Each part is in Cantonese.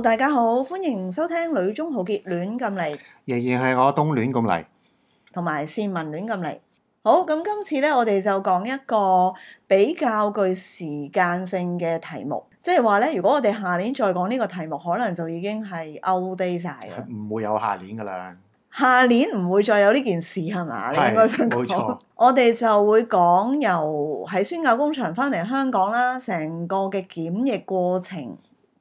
大家好，歡迎收聽《女中豪傑亂咁嚟》，仍然係我冬亂咁嚟，同埋市民亂咁嚟。好，咁今次咧，我哋就講一個比較具時間性嘅題目，即係話咧，如果我哋下年再講呢個題目，可能就已經係 outdate 晒，唔會有下年噶啦。下年唔會再有呢件事係嘛？是你應該想講，冇錯，我哋就會講由喺宣教工場翻嚟香港啦，成個嘅檢疫過程。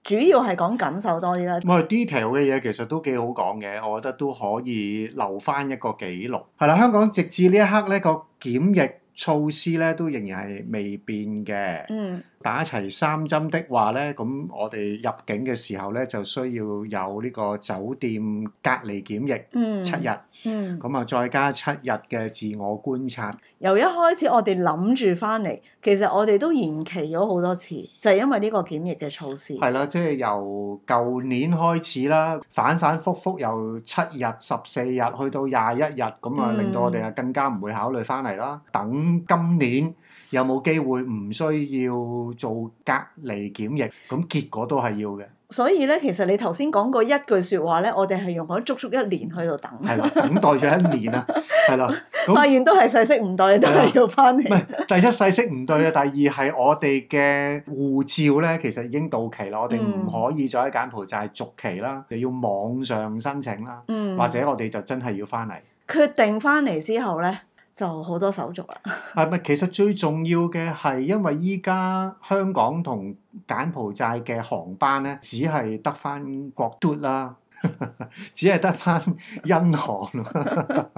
主要係講感受多啲啦。嗯。唔係 detail 嘅嘢，其實都幾好講嘅，我覺得都可以留翻一個記錄。係啦，香港直至呢一刻咧，個檢疫措施咧都仍然係未變嘅。嗯。打齊三針的話咧，咁我哋入境嘅時候咧，就需要有呢個酒店隔離檢疫七日，咁啊再加七日嘅自我觀察。由一開始我哋諗住翻嚟，其實我哋都延期咗好多次，就係因為呢個檢疫嘅措施。係啦，即係由舊年開始啦，反反覆覆由七日、十四日去到廿一日，咁啊令到我哋啊更加唔會考慮翻嚟啦。嗯、等今年。有冇機會唔需要做隔離檢疫？咁結果都係要嘅。所以咧，其實你頭先講過一句説話咧，我哋係用咗足足一年喺度等。係 啦，等待咗一年啦，係啦。發現都係細息唔對，的都係要翻嚟。唔係，第一細息唔對啊，第二係我哋嘅護照咧，其實已經到期啦，我哋唔可以再喺柬埔寨續期啦，嗯、就要網上申請啦，嗯、或者我哋就真係要翻嚟。決定翻嚟之後咧，就好多手續啦。唔係，其實最重要嘅係，因為依家香港同柬埔寨嘅航班咧，只係得返國泰啦。 只係得翻殷航、 啊，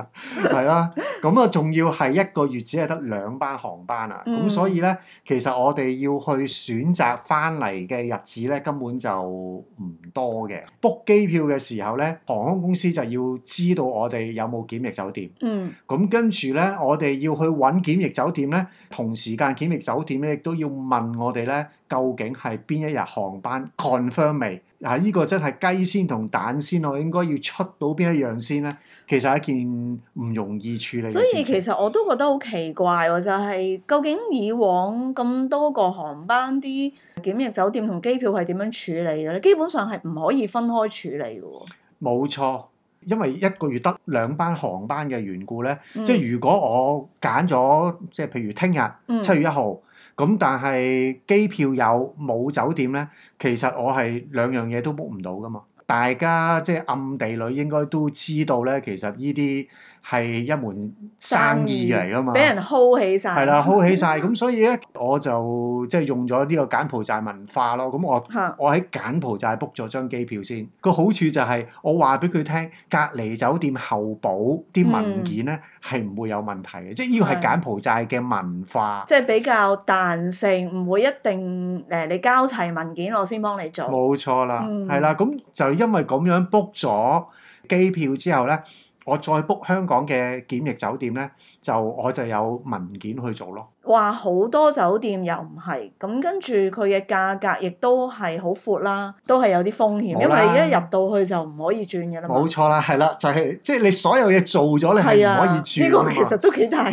係啦，咁啊仲要係一個月只係得兩班航班啊，咁、嗯、所以咧，其實我哋要去選擇翻嚟嘅日子咧，根本就唔多嘅。book 機票嘅時候咧，航空公司就要知道我哋有冇檢疫酒店。嗯，咁跟住咧，我哋要去揾檢疫酒店咧，同時間檢疫酒店咧，亦都要問我哋咧，究竟係邊一日航班 confirm 未？啊！呢個真係雞先同蛋先喎，我應該要出到邊一樣先咧？其實係一件唔容易處理嘅事。所以其實我都覺得好奇怪喎、哦，就係、是、究竟以往咁多個航班啲檢疫酒店同機票係點樣處理嘅咧？基本上係唔可以分開處理嘅喎、哦。冇錯，因為一個月得兩班航班嘅緣故咧，嗯、即係如果我揀咗，即係譬如聽、嗯、日七月一號。咁但係機票有冇酒店咧？其實我係兩樣嘢都 book 唔到噶嘛。大家即係、就是、暗地裏應該都知道咧，其實呢啲。係一門生意嚟㗎嘛，俾人 hold 起晒。係啦，hold 起晒。咁、嗯、所以咧，我就即係、就是、用咗呢個柬埔寨文化咯。咁我吓我喺柬埔寨 book 咗張機票先。個好處就係我話俾佢聽，隔離酒店候補啲文件咧係唔會有問題嘅。即係呢個係柬埔寨嘅文化，即係、就是、比較彈性，唔會一定誒你交齊文件我先幫你做。冇錯啦，係啦、嗯。咁就因為咁樣 book 咗機票之後咧。嗯我再 book 香港嘅檢疫酒店咧，就我就有文件去做咯。話好多酒店又唔係，咁跟住佢嘅價格亦都係好闊啦，都係有啲風險，啦因為一入到去就唔可以轉嘅啦。冇錯啦，係啦，就係、是、即係你所有嘢做咗，你係唔可以轉㗎嘛。呢、啊這個其實都幾大，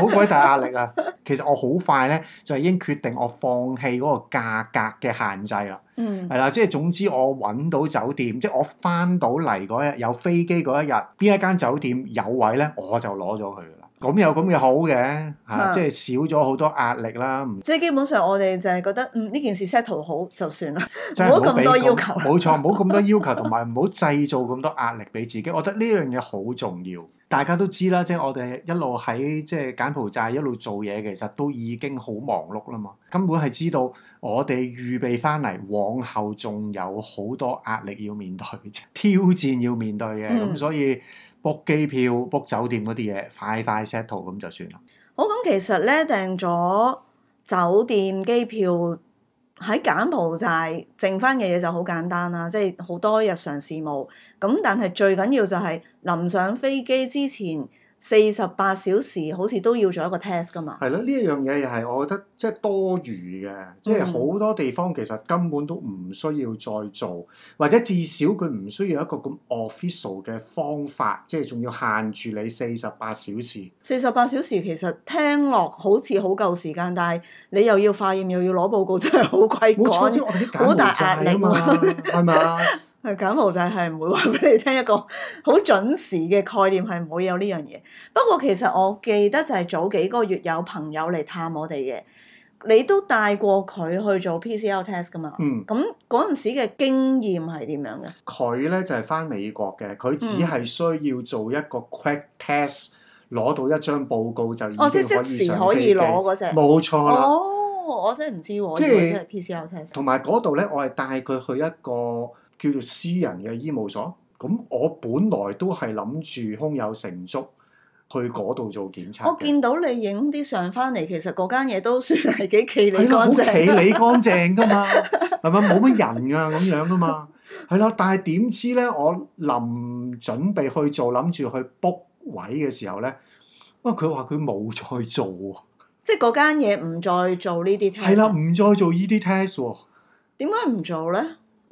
好鬼、哎、大壓力啊！ 其實我好快咧，就已經決定我放棄嗰個價格嘅限制啊。嗯，係啦，即係總之我揾到酒店，即係我翻到嚟一日有飛機一日，邊一間酒店有位咧，我就攞咗佢嘅啦。咁有咁嘅好嘅，嚇、啊，的即係少咗好多壓力啦。即係基本上我哋就係覺得，嗯，呢件事 set 好就算啦，冇咁多要求。冇錯，冇咁多要求，同埋唔好製造咁多壓力俾自己。我覺得呢樣嘢好重要。大家都知啦，即係我哋一路喺即係柬埔寨，一路做嘢，其實都已經好忙碌啦嘛。根本係知道我哋預備翻嚟，往後仲有好多壓力要面對，挑戰要面對嘅。咁所以。book 機票 book 酒店嗰啲嘢快快 settle，咁就算啦。好，咁其實呢，訂咗酒店機票，喺柬埔寨剩翻嘅嘢就好簡單啦，即係好多日常事務。咁但係最緊要就係臨上飛機之前。四十八小時好似都要做一個 test 㗎嘛？係咯，呢一樣嘢又係我覺得即係多餘嘅，嗯、即係好多地方其實根本都唔需要再做，或者至少佢唔需要一個咁 official 嘅方法，即係仲要限住你四十八小時。四十八小時其實聽落好似好夠時間，但係你又要化驗又要攞報告，真係好鬼趕，好、呃、大壓力我嘛，係咪啊？係，柬埔寨就係唔會話俾你聽一個好 準時嘅概念，係唔會有呢樣嘢。不過其實我記得就係早幾個月有朋友嚟探我哋嘅，你都帶過佢去做 PCR test 㗎嘛？嗯，咁嗰陣時嘅經驗係點樣嘅？佢咧就係、是、翻美國嘅，佢只係需要做一個 quick test，攞、嗯、到一張報告就已經、哦、即是可以上機嘅。冇錯啦。哦，我真係唔知喎，就是、且呢個係 PCR test。同埋嗰度咧，我係帶佢去一個，叫做私人嘅醫務所，咁我本來都係諗住胸有成竹去嗰度做檢查。我見到你影啲相翻嚟，其實嗰間嘢都算係幾企理乾淨，企理乾淨噶嘛？係咪冇乜人啊咁樣噶嘛？係啦。但係點知咧，我臨準備去做諗住去 book 位嘅時候咧，啊佢話佢冇再做，即係嗰間嘢唔再做呢啲 test，係啦，唔 啊、再做，做呢啲 test 喎。點解唔做咧？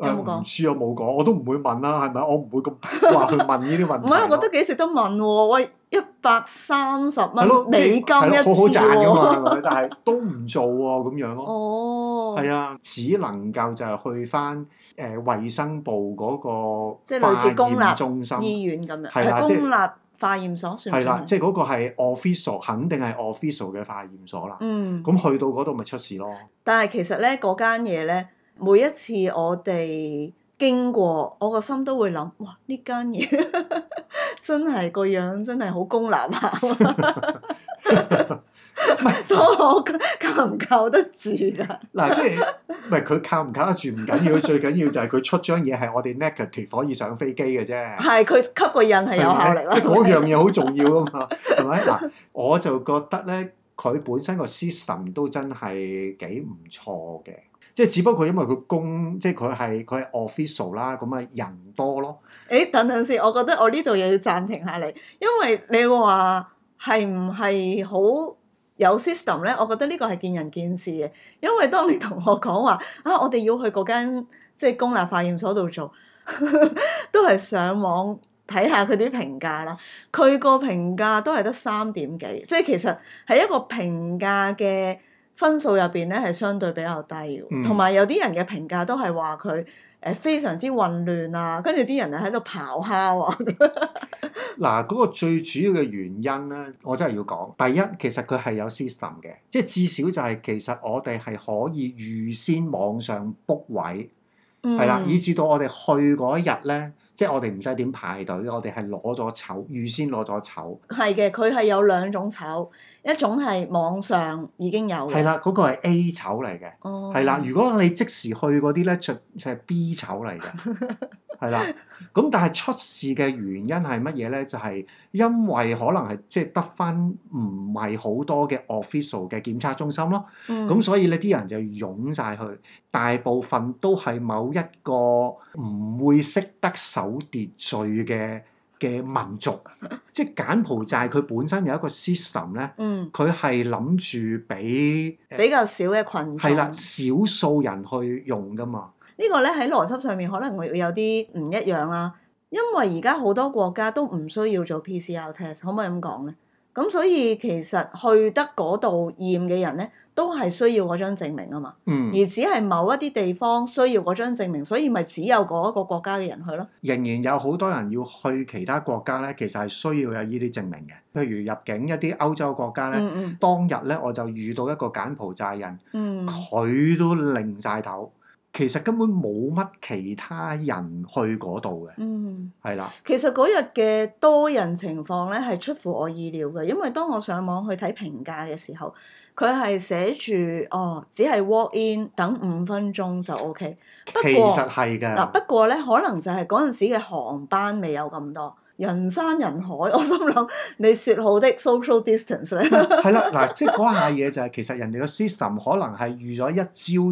有唔知我冇講，我都唔會問啦，係咪？我唔會咁話去問呢啲問題。唔係，我覺得幾值得問喎！喂，一百三十蚊美金一次喎。好好賺噶嘛，但係都唔做喎，咁樣咯。哦。係啊，只能夠就係去翻誒衞生部嗰個化驗中心、醫院咁樣。係啦，公立化驗所算。係啦，即係嗰個係 official，肯定係 official 嘅化驗所啦。嗯。咁去到嗰度咪出事咯？但係其實咧，嗰間嘢咧。每一次我哋經過，我個心都會諗：哇！呢間嘢真係個樣真係好功難啊！唔 係， 所以 我靠唔靠得住㗎？嗱、 啊，即係唔係佢靠唔靠得住唔緊要，最緊要就係佢出張嘢係我哋 negative 可以上飛機嘅啫。係佢吸個印係有效力咯。吧即嗰樣嘢好重要啊嘛，係咪？ 嗱、啊，我就覺得咧，佢本身個 system 都真係幾唔錯嘅。即係只不過因為佢公，即係佢係佢係 official 啦，咁啊人多咯。誒、欸，等等先，我覺得我呢度又要暫停下嚟，因為你話係唔係好有 system 咧？我覺得呢個係見仁見智嘅。因為當你同我講話啊，我哋要去嗰間即係公立化驗所度做， 都係上網睇下佢啲評價啦。佢個評價都係得三點幾，即係其實係一個評價嘅。分數入邊咧係相對比較低，同埋、嗯、有啲人嘅評價都係話佢誒非常之混亂啊，跟住啲人啊喺度咆哮。啊。嗱， 嗰、那個最主要嘅原因咧，我真係要講。第一，其實佢係有 system 嘅，即係至少就係其實我哋係可以預先網上 book 位。係啦，以至到我哋去嗰一日咧，即係我哋唔使點排隊，我哋係攞咗籌，預先攞咗籌。係嘅，佢係有兩種籌，一種係網上已經有。係啦、嗯，嗰、嗰個係 A 籌嚟嘅。哦。係啦，如果你即時去嗰啲咧，就係 B 籌嚟嘅。 係啦，咁但係出事嘅原因係乜嘢咧？就係、是、因為可能係即係得返唔係好多嘅 official 嘅檢測中心咯，咁、嗯、所以呢啲人就湧晒去，大部分都係某一個唔會識得守秩序嘅嘅民族。嗯、即係柬埔寨佢本身有一個 system 咧，佢係諗住俾比較少嘅群，羣眾，少數人去用噶嘛。個呢個咧喺邏輯上面，可能會有啲唔一樣啦、啊。因為而家好多國家都唔需要做 PCR test，可唔可以咁講咧？咁所以其實去得嗰度驗嘅人咧，都係需要嗰張證明啊嘛。嗯。而只係某一啲地方需要嗰張證明，所以咪只有嗰一個國家嘅人去咯。仍然有好多人要去其他國家咧，其實係需要有呢啲證明嘅。譬如入境一啲歐洲國家咧，嗯嗯、當日咧我就遇到一個柬埔寨人，佢、嗯、都擰晒頭。其實根本冇乜其他人去嗰度嘅，係啦、嗯。的其實嗰日嘅多人情況咧係出乎我意料嘅，因為當我上網去睇評價嘅時候，佢係寫住哦，只係 walk in 等五分鐘就 OK。不過其實係㗎，嗱、啊、不過咧可能就係嗰陣時嘅航班未有咁多人山人海，我心諗你説好的 social distance 係啦、啊，嗱、 啊、即係嗰下嘢就係、是、其實人哋嘅 system 可能係預咗一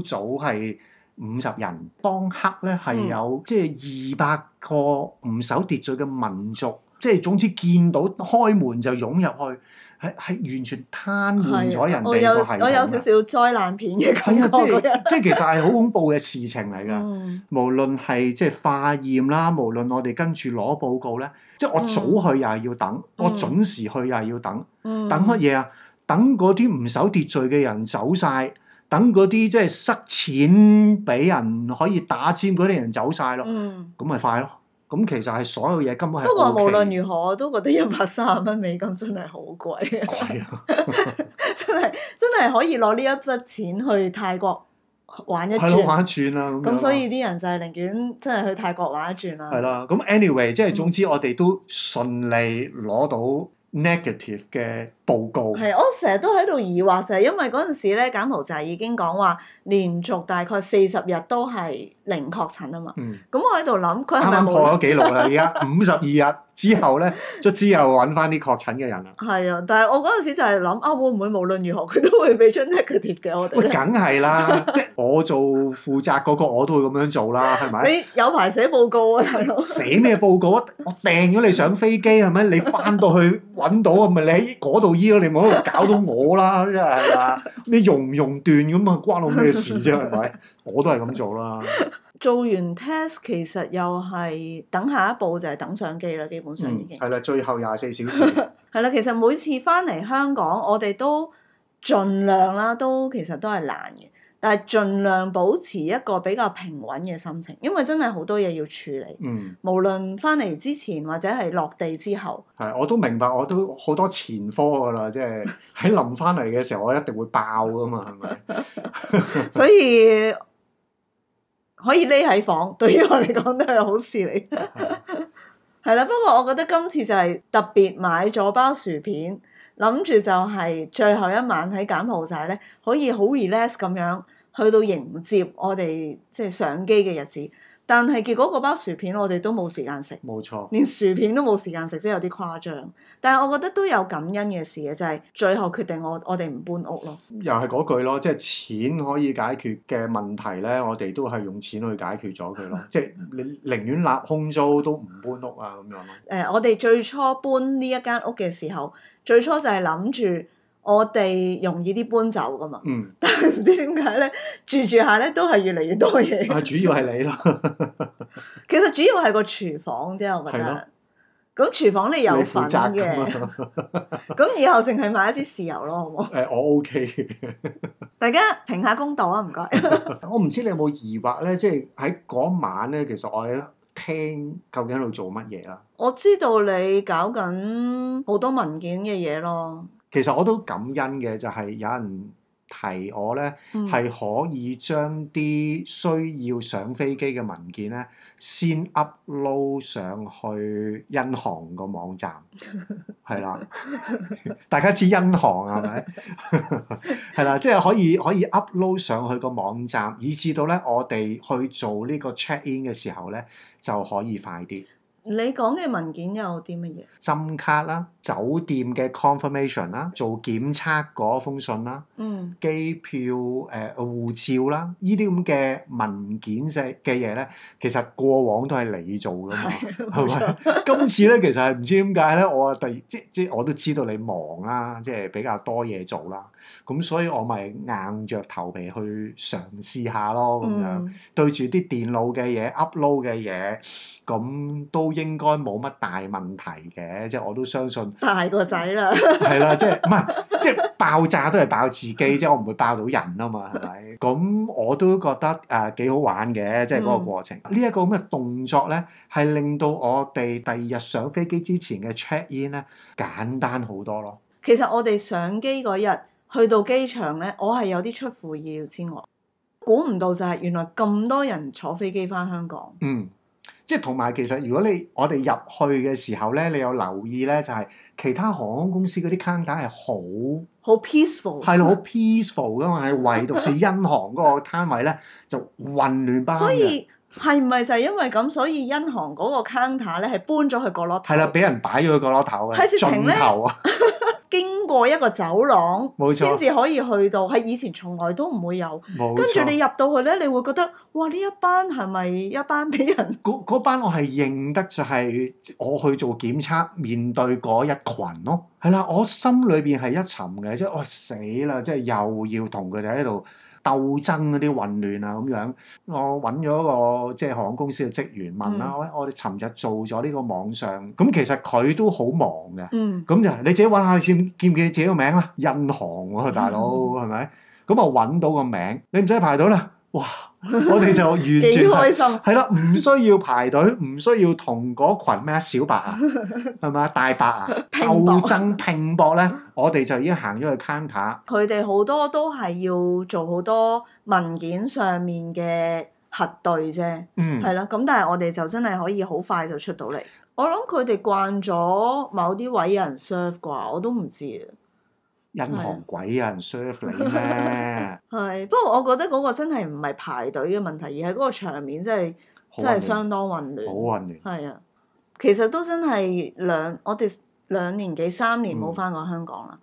朝早係，五十人當刻咧係有即係二百個唔守秩序嘅民族，即係、嗯、總之見到開門就湧入去，係係完全癱瘓咗人哋個系統。我有，我有少少災難片嘅感覺，即係其實係好恐怖嘅事情嚟㗎。嗯、無論係即係化驗啦，無論我哋跟住攞報告咧，嗯、即係我早去又係要等，嗯、我準時去又係要等，等乜嘢啊？等嗰啲唔守秩序嘅人、人走晒。等嗰啲即係塞錢俾人可以打尖嗰啲人走晒咯，咁咪、嗯、快咯。咁其實係所有嘢根本係、OK。不過無論如何，我都覺得一百三十蚊美金真係好貴。貴啊！ 真係真係可以攞呢一筆錢去泰國玩一轉。係咯、嗯，玩一轉啊！咁。所以啲人就係寧願真係去泰國玩一轉啦、啊。係啦，咁 anyway，即係總之我哋都順利攞到。negative 嘅報告係，我成日都喺度疑惑就係、是，因為嗰陣時咧，柬埔寨已經講話連續大概四十日都係。零確診啊嘛，咁我喺度諗佢啱啱破咗紀錄啦？而家五十二日之後咧，卒之又揾翻啲確診嘅人啦。係啊，但係我嗰陣時就係諗啊，會唔會無論如何佢都會俾出 negative 嘅？我哋喂，梗係啦，即係我做負責嗰個我都會咁樣做啦，係咪？你有排寫報告啊？大佬寫咩報告啊？我訂咗你上飛機係咪？你翻到去揾到啊？咪你喺嗰度醫咯，你唔好喺度搞到我啦！即係啊，你熔唔熔斷咁啊？關我咩事啫？係咪？我都係咁做啦。做完 test，其實又係等下一步就係等相機啦，基本上已經係啦，嗯。最後廿四小時係啦。 其實每次翻嚟香港，我哋都盡量啦，都其實都係難嘅，但係盡量保持一個比較平穩嘅心情，因為真係好多嘢要處理。嗯，無論翻嚟之前或者係落地之後，係我都明白，我都好多前科噶啦，即係喺臨翻嚟嘅時候， 我一定會爆噶嘛，係咪？ 所以。可以匿喺房，對於我嚟講都係好事嚟。係 啦，不過我覺得今次就係特別買咗包薯片，諗住就係最後一晚喺柬埔寨，咧，可以好 relax 咁樣去到迎接我哋即係上機嘅日子。但係結果嗰包薯片，我哋都冇時間食，冇錯，連薯片都冇時間食，即係有啲誇張。但係我覺得都有感恩嘅事嘅，就係、是、最後決定我我哋唔搬屋咯。又係嗰句咯，即係錢可以解決嘅問題咧，我哋都係用錢去解決咗佢咯。 即係你寧願立空租都唔搬屋啊咁樣咯。誒、呃，我哋最初搬呢一間屋嘅時候，最初就係諗住。我哋容易啲搬走噶嘛，嗯、但係唔知點解咧住住下咧都係越嚟越多嘢。係主要係你咯， 其實主要係個廚房啫。我覺得咁廚的房你有份嘅，咁 以後淨係買一支豉油咯，好唔好？誒、哎，我 O、OK、K。 大家評下公道啊，唔該。 我唔知你有冇疑惑咧，即係喺嗰晚咧，其實我喺聽究竟喺度做乜嘢啦？我知道你搞緊好多文件嘅嘢咯。其實我都感恩嘅，就係有人提我咧，係、嗯、可以將啲需要上飛機嘅文件咧，先 upload 上去恩航個網站，係啦， 大家知恩航係咪？係啦，即 係、就係、可以可以 upload 上去個網站，以至到咧我哋去做呢個 check in 嘅時候咧，就可以快啲。你講嘅文件有啲乜嘢？針卡啦、酒店嘅 confirmation 啦、做檢測嗰封信啦、嗯、機票誒、呃、護照啦，呢啲咁嘅文件嘅嘅嘢咧，其實過往都係你做噶嘛，係咪？今次咧其實係唔知點解咧，我啊突然即即我都知道你忙啦，即係比較多嘢做啦。咁所以我咪硬着頭皮去嘗試下咯，咁樣、嗯、對住啲電腦嘅嘢 upload 嘅嘢，咁都應該冇乜大問題嘅，即係我都相信大個仔啦，係 啦，即係唔係即係爆炸都係爆自己，即係 我唔會爆到人啊嘛，係咪？咁我都覺得誒幾、呃、好玩嘅，即係嗰個過程。呢一、嗯、個咁嘅動作咧，係令到我哋第二日上飛機之前嘅 check in 咧簡單好多咯。其實我哋上機嗰日，去到機場咧，我係有啲出乎意料之外，估唔到就係原來咁多人坐飛機返香港。嗯，即係同埋其實如果你我哋入去嘅時候咧，你有留意咧，就係、是、其他航空公司嗰啲 counter 係好好 peaceful，係好 peaceful 噶嘛，係唯獨是英航嗰個攤位咧 就混亂不堪。所以係唔係就係因為咁，所以英航嗰個 counter 咧係搬咗去角落頭？係啦，俾人擺咗去角落頭嘅盡頭啊！ 經過一個走廊，先至可以去到，係錯以前從來都唔會有。錯跟住你入到去呢，你會覺得，哇！呢一班係咪一班俾人？嗰班我係認得，就係我去做檢測面對嗰一群咯。係啦，我心裏邊係一沉嘅，即係我死啦！即係又要同佢哋喺度。鬥爭嗰啲混亂啊咁樣，我揾咗個即係航空公司嘅職員問啦，喂、嗯，我哋尋日做咗呢個網上，咁其實佢都好忙嘅，咁就、嗯、你自己揾下，見見唔見自己名印、啊嗯、個名啦？印行喎，大佬係咪？咁啊揾到個名，你唔使排到啦。哇！我哋就完全 開心，係啦，唔需要排隊，唔需要同嗰羣咩小白啊，係咪啊大白啊，搏鬥爭拼搏咧，我哋就已經行咗去 counter。佢哋好多都係要做好多文件上面嘅核對啫，係啦、嗯。咁但係我哋就真係可以好快就出到嚟。我諗佢哋慣咗某啲位有人 serve 啩，我都唔知銀行鬼有、啊、人 serve 你咩？係， 不過我覺得嗰個真係唔係排隊嘅問題，而係嗰個場面真係真係相當混亂，好混亂。係啊，其實都真係兩我哋兩年幾三年冇返過香港啦，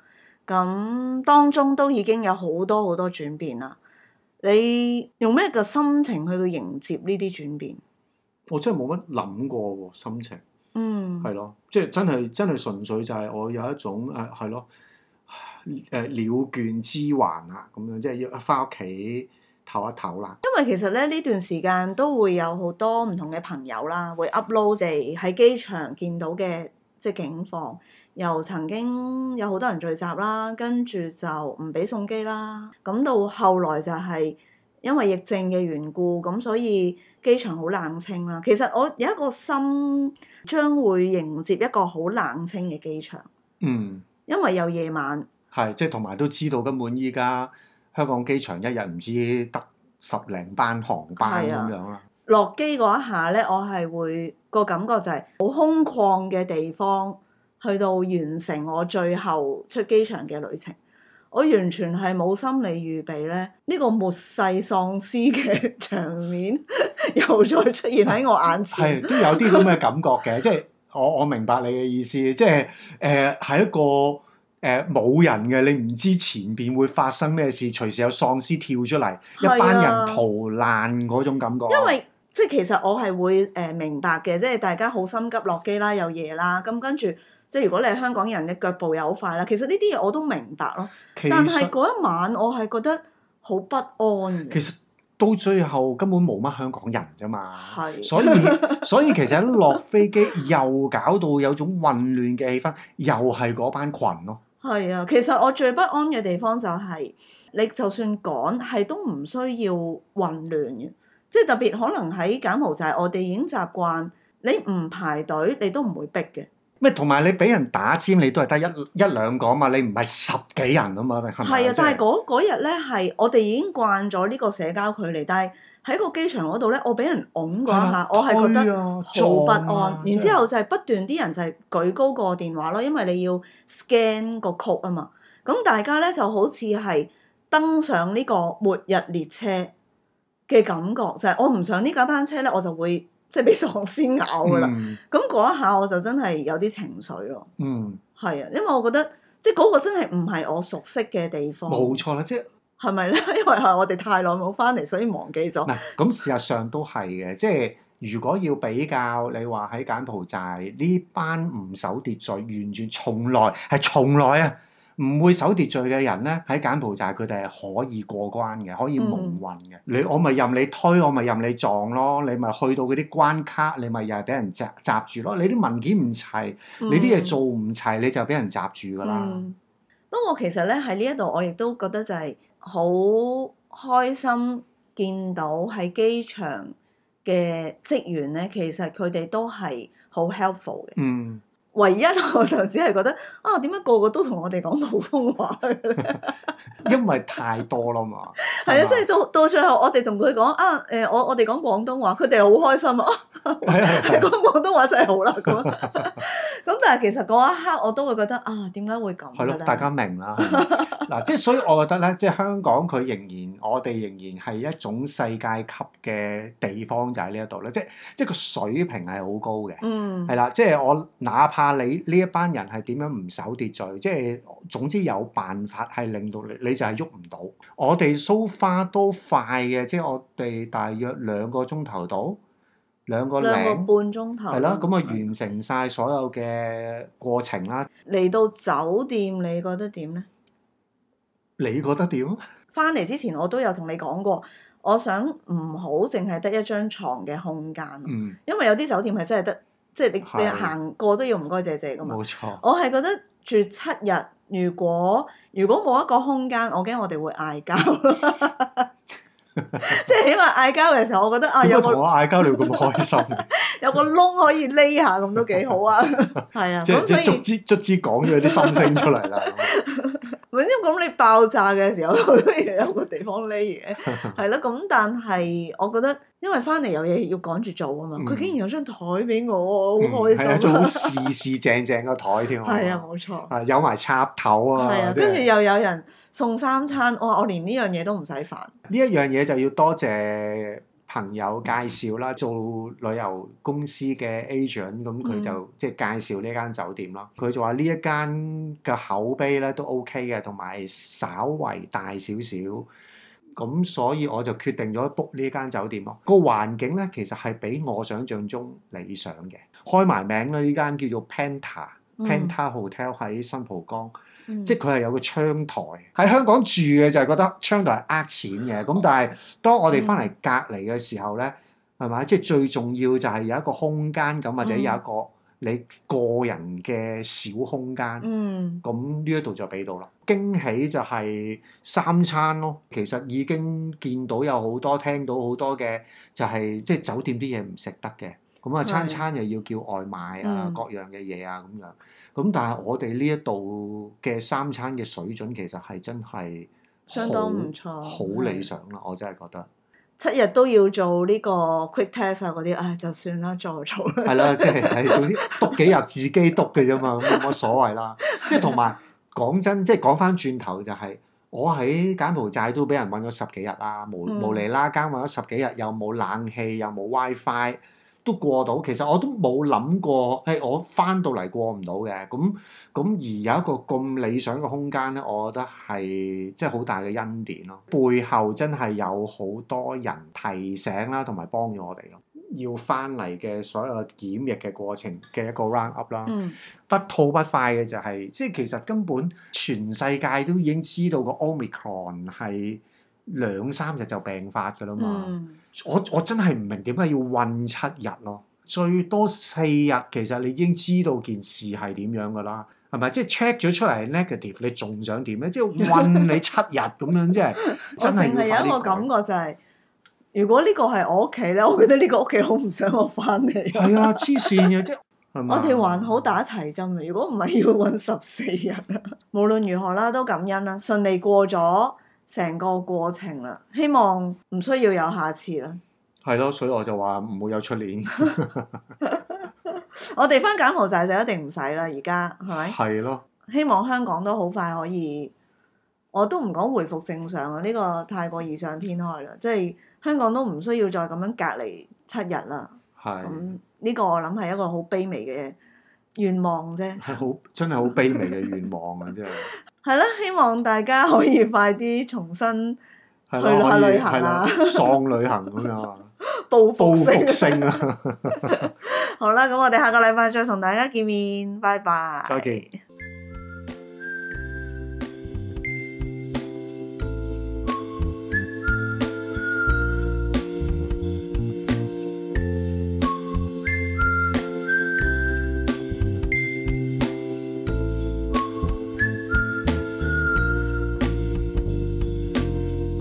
咁、嗯、當中都已經有好多好多轉變啦。你用咩個心情去到迎接呢啲轉變？我真係冇乜諗過、啊、心情，嗯，係咯、啊，即、就、係、是、真係真係純粹就係我有一種誒係咯。誒鳥倦知還啊，咁樣即係要翻屋企唞一唞啦。因為其實咧呢段時間都會有好多唔同嘅朋友啦，會 upload 哋喺機場見到嘅即係景況，又曾經有好多人聚集啦，跟住就唔俾送機啦。咁到後來就係因為疫症嘅緣故，咁所以機場好冷清啦、啊。其實我有一個心，將會迎接一個好冷清嘅機場。嗯。因為有夜晚，係即係同埋都知道，根本依家香港機場一日唔知得十零班航班咁、啊、樣啦。落機嗰一下呢，我係會、個感覺就係好空曠嘅地方，去到完成我最後出機場嘅旅程，我完全係冇心理預備咧，呢、呢個末世喪屍嘅場面 又再出現喺我眼前。係 都有啲咁嘅感覺嘅， 即係我我明白你嘅意思，即係誒係一個。誒，冇、呃、人嘅，你唔知前面會發生咩事，隨時有喪屍跳出嚟，啊、一班人逃難嗰種感覺。因為即係其實我係會誒、呃、明白嘅，即係大家好心急落機啦，又夜啦，咁跟住即係如果你係香港人嘅腳步又好快啦，其實呢啲嘢我都明白咯。實但係嗰一晚我係覺得好不安。其實到最後根本冇乜香港人啫嘛，是所以， 所以所以其實一落飛機又搞到有種混亂嘅氣氛，又係嗰班群咯、啊。係啊，其實我最不安嘅地方就係、是、你就算趕係都唔需要混亂嘅。即係特別可能喺柬埔寨，我哋已經習慣，你唔排隊你都唔會逼嘅。咩？同埋你俾人打尖，你都係得一一兩個嘛？你唔係十幾人啊嘛？係咪？係啊，但係嗰日咧，係我哋已經慣咗呢個社交距離，但係喺個機場嗰度咧，我俾人擁過一下，吧我係覺得好不安。啊啊、然之後就係不斷啲人就係舉高個電話咯，因為你要 scan 個 code 啊嘛。咁、嗯、大家咧就好似係登上呢個末日列車嘅感覺，就係、是、我唔上呢架班車咧，我就會，即係俾喪屍咬噶啦，咁嗰、嗯、一下我就真係有啲情緒咯。嗯，係啊，因為我覺得即係嗰個真係唔係我熟悉嘅地方。冇錯啦，即係係咪咧？因為係我哋太耐冇翻嚟，所以忘記咗。唔係咁、嗯，事實上都係嘅。 即係如果要比較，你話喺柬埔寨呢班唔守秩序，完全從來係從來啊！唔會守秩序嘅人咧，喺柬埔寨佢哋係可以過關嘅，可以蒙混嘅。嗯、你我咪任你推，我咪任你撞咯。你咪去到嗰啲關卡，你咪又係俾人閘住咯。你啲文件唔齊，嗯、你啲嘢做唔齊，你就俾人閘住噶啦、嗯。不過其實咧喺呢一度，我亦都覺得就係好開心見到喺機場嘅職員咧，其實佢哋都係好 helpful 嘅。嗯。唯一我就只係覺得啊，點解個個都同我哋講普通話嘅咧？ 因為太多啦嘛。係啊，即係到到最後我、啊呃，我哋同佢講啊，誒，我我哋講廣東話，佢哋好開心啊，你 講廣東話真係好啦咁。咁 但係其實嗰一刻，我都會覺得啊，點解會咁？係咯，大家明啦。嗱、 啊，即係所以，我覺得咧，即係香港佢仍然，我哋仍然係一種世界級嘅地方，就喺呢一度咧。即係即係個水平係好高嘅。嗯。係啦，即係我哪怕。啊！你呢一班人係點樣唔守秩序？即係總之有辦法係令到你，你就係喐唔到。我哋 so far 都快嘅，即係我哋大約兩個鐘頭到兩個兩個半鐘頭係咯。咁啊，完成晒所有嘅過程啦。嚟到酒店你覺得點咧？你覺得點？翻嚟之前我都有同你講過，我想唔好淨係得一張床嘅空間。嗯，因為有啲酒店係真係得。即係你你行過都要唔該謝謝㗎嘛，冇沒錯 我係覺得住七日，如果如果冇一個空間，我驚我哋會嗌交。 即係起碼嗌交嘅時候，我覺得啊有個，嗌交你會咁開心， 有個窿可以匿下咁都幾好啊。係 啊是， 以即係即係卒之卒之講咗啲心聲出嚟啦。 咁咁你爆炸嘅時候都要 有個地方匿嘅，係咯。 咁但係我覺得，因為翻嚟有嘢要趕住做啊嘛，佢、嗯、竟然有張台俾我，我好、嗯、開心。係、嗯、好四四正正嘅台添。係啊， 冇錯。有埋插頭啊。係啊的，跟住的又有人送三餐，我我連呢樣嘢都唔使煩。呢一樣嘢就要多謝,謝。朋友介紹啦，做旅遊公司嘅 agent，咁佢就即係介紹呢間酒店啦。佢、嗯、就話呢一間嘅口碑咧都 OK 嘅，同埋稍為大少少，咁所以我就決定咗 book 呢間酒店咯。那個環境咧其實係比我想象中理想嘅，開埋名啦呢間叫做 Penta、嗯、Penta Hotel 喺新蒲崗。嗯、即係佢係有個窗台喺香港住嘅就係覺得窗台係呃錢嘅，咁、哦、但係當我哋翻嚟隔離嘅時候咧，係咪、嗯？即係最重要就係有一個空間咁，嗯、或者有一個你個人嘅小空間。嗯，咁呢一度就俾到啦。驚喜就係三餐咯，其實已經見到有好多聽到好多嘅、就係，就係即係酒店啲嘢唔食得嘅，咁啊餐餐又要叫外賣啊，嗯、各樣嘅嘢啊咁樣。咁、嗯、但係我哋呢一度嘅三餐嘅水準其實係真係相當唔錯，好理想啦，的我真係覺得七日都要做呢個 quick test 啊嗰啲，唉、哎、就算啦，做唔做係啦， 即係係總之篤幾日自己篤嘅啫嘛，冇乜所謂啦。 即係同埋講真，即係講翻轉頭就係我喺柬埔寨都俾人揾咗十幾日啦，無、嗯、無理啦，監揾咗十幾日，又冇冷氣，又冇 WiFi。都過到，其實我都冇諗過，係我翻到嚟過唔到嘅。咁咁而有一個咁理想嘅空間咧，我覺得係即係好大嘅恩典咯。背後真係有好多人提醒啦，同埋幫咗我哋咯。要翻嚟嘅所有檢疫嘅過程嘅一個 round up 啦、嗯，不吐不快嘅就係、是、即係其實根本全世界都已經知道個 Omicron 係。兩三日就病發噶啦嘛，嗯、我我真係唔明點解要韞七日咯，最多四日其實你已經知道件事係點樣噶啦，係咪？即係 check 咗出嚟 negative，你仲想點咧？即係韞你七日咁樣，即係 真係要。淨係有一個感覺就係、是，如果呢個係我屋企咧，我覺得呢個屋企好唔想我翻嚟。係啊，黐線嘅，即係 我哋還好打齊針 如果唔係要韞十四日啊。 無論如何啦，都感恩啦，順利過咗。成個過程啦，希望唔需要有下次啦。係咯，所 以樂 我就話唔會有出年。我哋翻柬埔寨就一定唔使啦，而家係咪？係咯。希望香港都好快可以，我都唔講回復正常啊！呢個太過異想天開啦，即係香港都唔需要再咁樣隔離七日啦。係。咁呢個我諗係一個好卑微嘅願望啫。係好，真係好卑微嘅願望啊！真係。係咯，希望大家可以快啲重新去下旅行啊，喪旅行咁樣， 報復性啊！ 好啦，咁我哋下個禮拜再同大家見面，拜拜，再見。